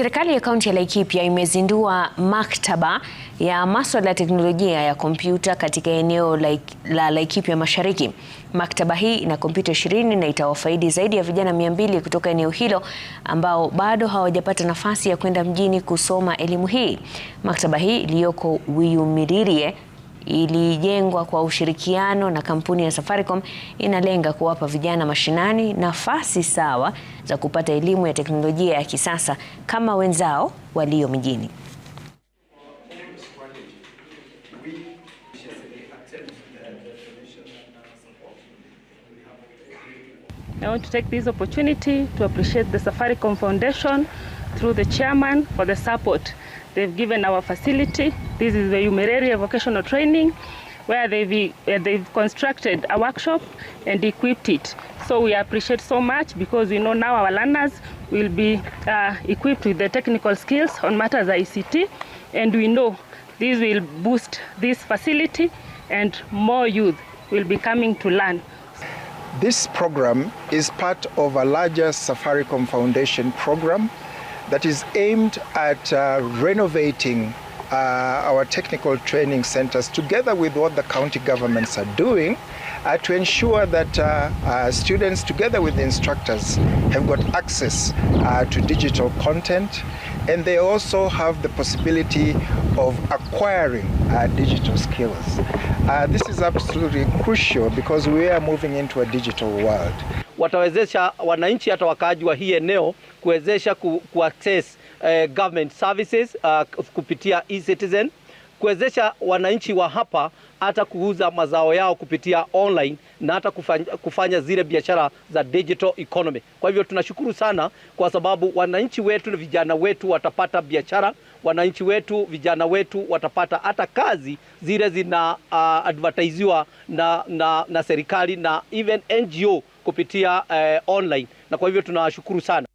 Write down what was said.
Serikali ya kaunti ya Laikipia imezindua maktaba ya masuala ya teknolojia ya kompyuta katika eneo la Laikipia Mashariki. Maktaba hii ina kompyuta ishirini na itawafaidi zaidi ya vijana mia mbili kutoka eneo hilo ambao bado hawajapata nafasi ya kwenda mjini kusoma elimu hii. Maktaba hii iliyoko Wiyumiririe ilijengwa kwa ushirikiano na kampuni ya Safaricom inalenga kuwapa vijana mashinani nafasi sawa za kupata elimu ya teknolojia ya kisasa kama wenzao walio mjini. I want to take this opportunity to appreciate the Safaricom Foundation through the chairman for the support They've given our facility. This is the Umereria Vocational Training, where they've, uh, they've constructed a workshop and equipped it. So we appreciate so much because we know now our learners will be uh, equipped with the technical skills on matters ICT, and we know this will boost this facility and more youth will be coming to learn. This program is part of a larger Safaricom Foundation program that is aimed at uh, renovating uh, our technical training centers together with what the county governments are doing uh, to ensure that uh, uh students together with instructors have got access uh, to digital content and they also have the possibility of acquiring uh, digital skills. this is absolutely crucial because we are moving into a digital world. watawezesha wananchi hata wakaaji wa hii eneo kuwezesha ku, ku access uh, eh, government services uh, kupitia e-citizen kuwezesha wananchi wa hapa hata kuuza mazao yao kupitia online na hata kufanya, kufanya zile biashara za digital economy. Kwa hivyo tunashukuru sana kwa sababu wananchi wetu na vijana wetu watapata biashara, wananchi wetu vijana wetu watapata hata kazi zile zina uh, ah, advertisiwa na, na, na serikali na even NGO kupitia eh, online, na kwa hivyo tunawashukuru sana.